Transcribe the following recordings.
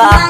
감사합니다. 아,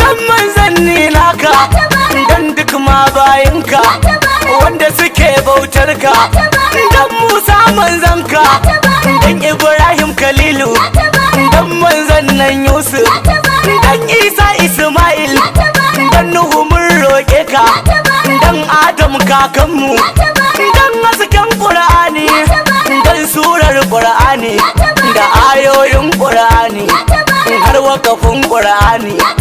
dan Manzan ni naka dan duk ma bayinka wanda suke bautar ka dan Musa Manzan ka, dan Ibrahim Khalilu dan manzan nan Yusuf dan Isa Ismail dan Nuhu mun roƙe ka dan Adam kakanmu dan hasken Qur'ani dan surar Qur'ani da ayoyin Qur'ani har wakafin Qur'ani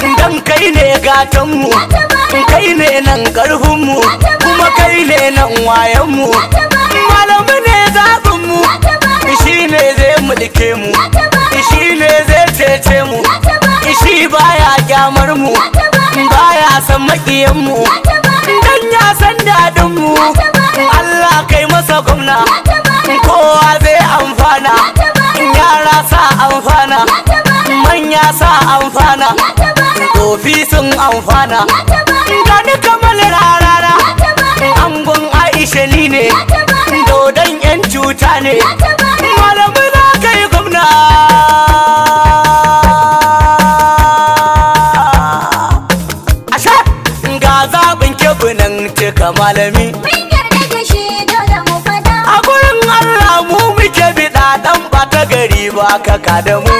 dan kai ne gatanmu kai ne nan karfinmu kuma kai ne nan wayanmu malamu ne zaɓinmu shi ne zai mulke mu shi ne zai cece mu shi baya gyamar mu baya san makiyanmu dan ya san daɗinmu Allah kai masa gwamna kowa zai amfana yara sa amfana manya sa amfana tsofi sun amfana ni kamar rarara angon aisha ni ne dodon yan cuta ne malamu za ka yi gwamna asha ga zaɓin kebunan cika malami a gurin allah mu muke biɗa ɗan gari ba ka kada mu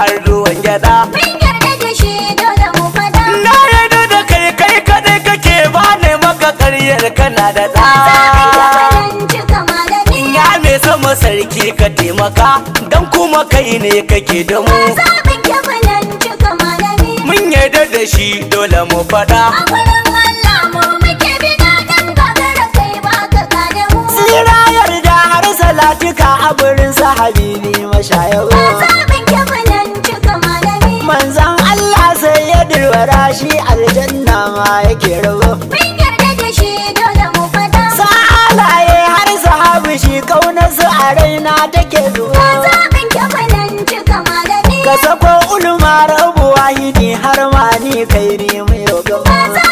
sarki ka taimaka don kuma kai ne kake da mu Mun yarda da shi dole mu faɗa Tsira yarda har salatika a birnin sahabi ne mashayawo Manzan Allah sai ya dirwara shi aljanna ma yake rabo a raina take zuwa ka sa kan kyamalan cika magani ka sako ulma rabu wahidi har ma ni kai mai gaba ka sa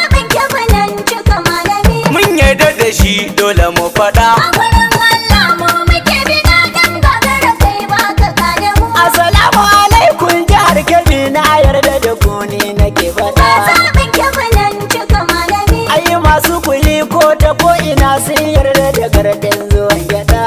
kan cika magani mun yarda da shi dole mu faɗa a gurin Allah mu muke bina dan gagara kai ba ka gane mu assalamu alaikum jihar Kebbi na yarda da ku ne nake ka sa kan cika magani ai masu kuli ko ta ko'ina ina sun yarda da gardan zuwan gyaɗa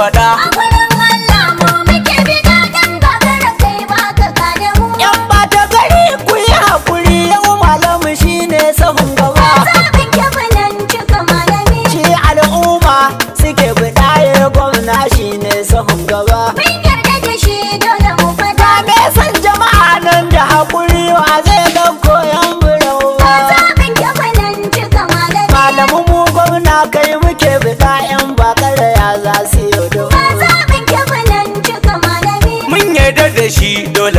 faɗa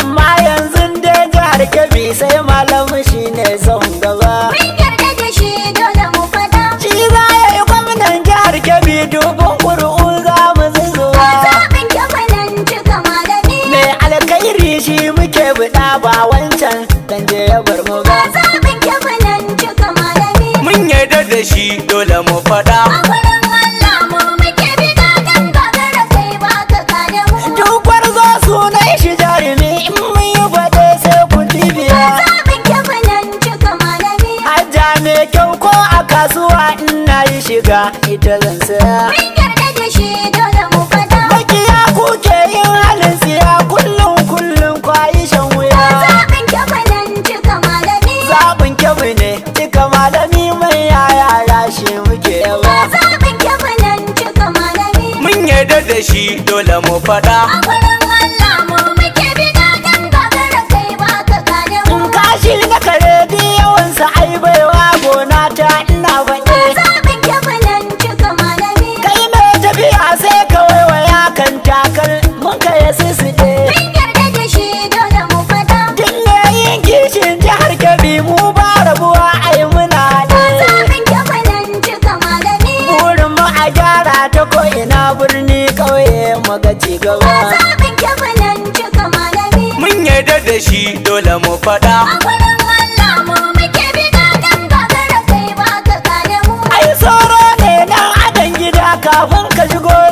amma yanzu dai jihar Gabi sai malam ne son gaba shi za ya gwamnan jihar kebbi dubin ƙuri'u za mu mai alkairi shi muke buɗa ba wancan dan ya bar mun yarda da shi dole mu faɗa in na yi shiga ita zan saya mun yarda da shi dole mu fada makiya kuke yin halin siya kullum kullum kwayi shan wuya zaɓin kyau nan cika malami zaɓin kyau ne cika malami mai yaya rashi muke yawa zaɓin kyau nan cika malami mun yarda da shi dole mu fada a kullum Allah mu muke bi da ganga kai ba ka gane mu kashi na kai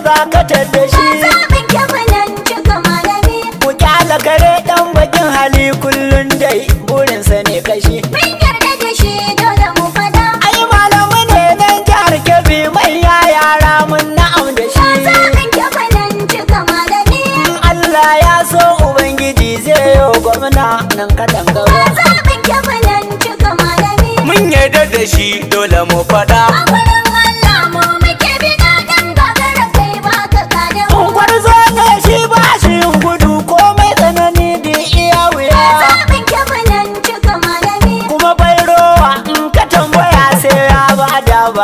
za ka tarbe mu ku kyala bakin hali kullun dai burinsa ne kashi ai malamu ne nan jihar kebbi mai yara mun na'am da shi Allah ya so ubangiji zai yo gwamna nan mun yarda da shi dole mu fada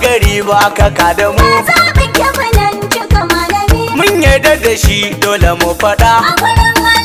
gari ba ka kada mu mun yarda da shi dole mu faɗa a